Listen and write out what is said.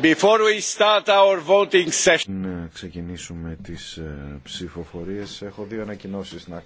Πριν ξεκινήσουμε τις ε, ψηφοφορίες. Έχω δύο ανακοινώσεις να κάνω.